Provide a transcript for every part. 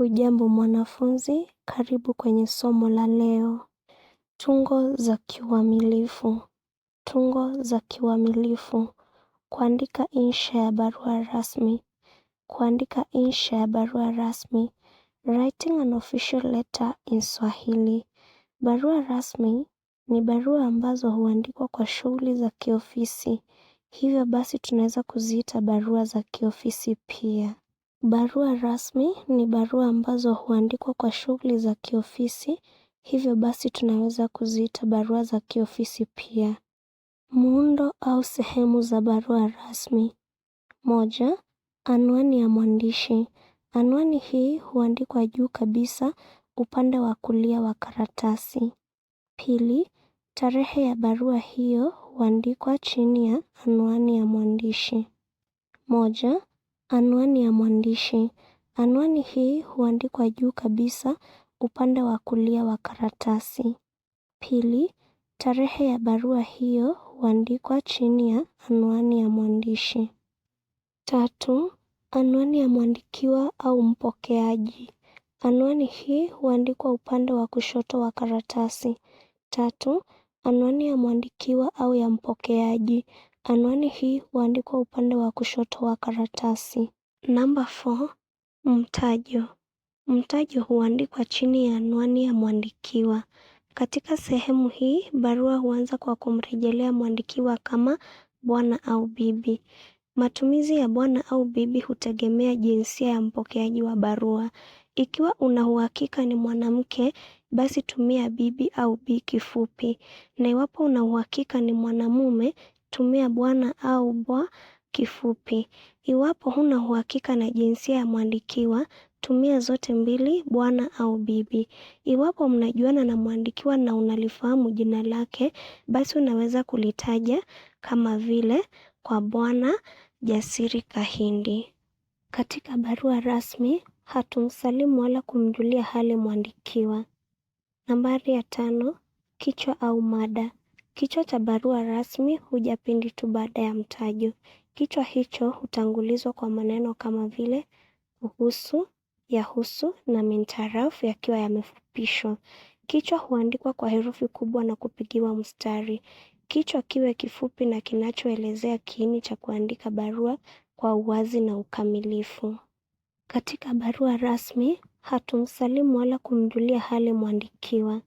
Hujambo mwanafunzi, karibu kwenye somo la leo. Tungo za kiuamilifu. Tungo za kiuamilifu. Kuandika insha ya barua rasmi. Kuandika insha ya barua rasmi. Writing an official letter in Swahili. Barua rasmi ni barua ambazo huandikwa kwa shughuli za kiofisi. Hivyo basi tunaweza kuziita barua za kiofisi pia. Barua rasmi ni barua ambazo huandikwa kwa shughuli za kiofisi, hivyo basi tunaweza kuziita barua za kiofisi pia. Muundo au sehemu za barua rasmi. Moja, anwani ya mwandishi. Anwani hii huandikwa juu kabisa upande wa kulia wa karatasi. Pili, tarehe ya barua hiyo huandikwa chini ya anwani ya mwandishi. Moja, Anwani ya mwandishi. Anwani hii huandikwa juu kabisa upande wa kulia wa karatasi. Pili, tarehe ya barua hiyo huandikwa chini ya anwani ya mwandishi. Tatu, anwani ya mwandikiwa au mpokeaji. Anwani hii huandikwa upande wa kushoto wa karatasi. Tatu, anwani ya mwandikiwa au ya mpokeaji. Anwani hii huandikwa upande wa kushoto wa karatasi. Namba 4, mtajo. Mtajo huandikwa chini ya anwani ya mwandikiwa. Katika sehemu hii, barua huanza kwa kumrejelea mwandikiwa kama bwana au bibi. Matumizi ya bwana au bibi hutegemea jinsia ya mpokeaji wa barua. Ikiwa una uhakika ni mwanamke, basi tumia bibi au bi kifupi na iwapo una uhakika ni mwanamume tumia bwana au bwa kifupi. Iwapo huna uhakika na jinsia ya mwandikiwa, tumia zote mbili bwana au bibi. Iwapo mnajuana na mwandikiwa na unalifahamu jina lake, basi unaweza kulitaja kama vile kwa Bwana Jasiri Kahindi. Katika barua rasmi, hatumsalimu wala kumjulia hali mwandikiwa. Nambari ya tano, kichwa au mada. Kichwa cha barua rasmi huja pindi tu baada ya mtajo. Kichwa hicho hutangulizwa kwa maneno kama vile kuhusu, yahusu na mintarafu yakiwa yamefupishwa. Kichwa huandikwa kwa herufi kubwa na kupigiwa mstari. Kichwa kiwe kifupi na kinachoelezea kiini cha kuandika barua kwa uwazi na ukamilifu. Katika barua rasmi, hatumsalimu wala kumjulia hali mwandikiwa.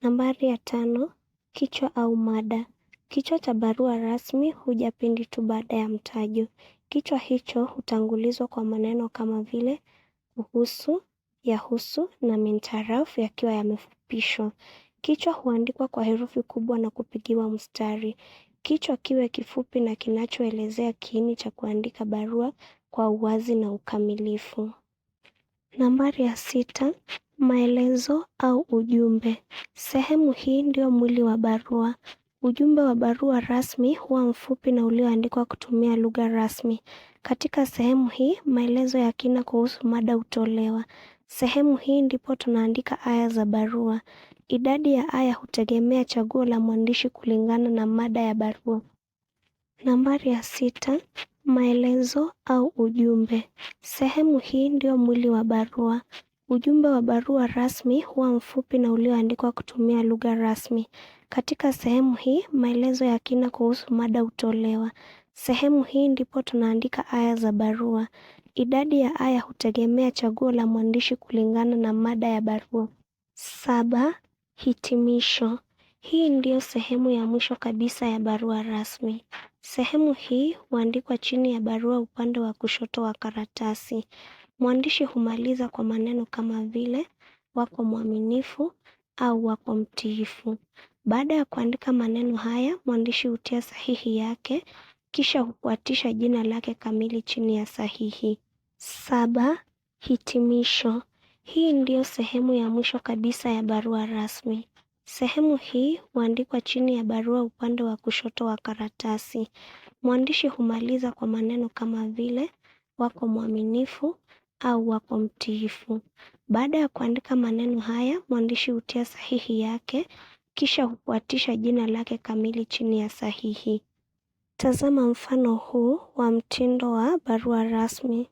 Nambari ya tano, Kichwa au mada. Kichwa cha barua rasmi huja pindi tu baada ya mtajo. Kichwa hicho hutangulizwa kwa maneno kama vile kuhusu, yahusu na mintarafu yakiwa yamefupishwa. Kichwa huandikwa kwa herufi kubwa na kupigiwa mstari. Kichwa kiwe kifupi na kinachoelezea kiini cha kuandika barua kwa uwazi na ukamilifu. Nambari ya sita, maelezo au ujumbe. Sehemu hii ndio mwili wa barua. Ujumbe wa barua rasmi huwa mfupi na ulioandikwa kutumia lugha rasmi. Katika sehemu hii, maelezo ya kina kuhusu mada hutolewa. Sehemu hii ndipo tunaandika aya za barua. Idadi ya aya hutegemea chaguo la mwandishi kulingana na mada ya barua. Nambari ya sita, maelezo au ujumbe. Sehemu hii ndio mwili wa barua. Ujumbe wa barua rasmi huwa mfupi na ulioandikwa kutumia lugha rasmi. Katika sehemu hii, maelezo ya kina kuhusu mada hutolewa. Sehemu hii ndipo tunaandika aya za barua. Idadi ya aya hutegemea chaguo la mwandishi kulingana na mada ya barua. Saba, hitimisho. Hii ndiyo sehemu ya mwisho kabisa ya barua rasmi. Sehemu hii huandikwa chini ya barua upande wa kushoto wa karatasi. Mwandishi humaliza kwa maneno kama vile wako mwaminifu au wako mtiifu. Baada ya kuandika maneno haya, mwandishi hutia sahihi yake kisha hufuatisha jina lake kamili chini ya sahihi. Saba, hitimisho. Hii ndiyo sehemu ya mwisho kabisa ya barua rasmi. Sehemu hii huandikwa chini ya barua upande wa kushoto wa karatasi. Mwandishi humaliza kwa maneno kama vile wako mwaminifu au wako mtiifu. Baada ya kuandika maneno haya, mwandishi hutia sahihi yake kisha hufuatisha jina lake kamili chini ya sahihi. Tazama mfano huu wa mtindo wa barua rasmi.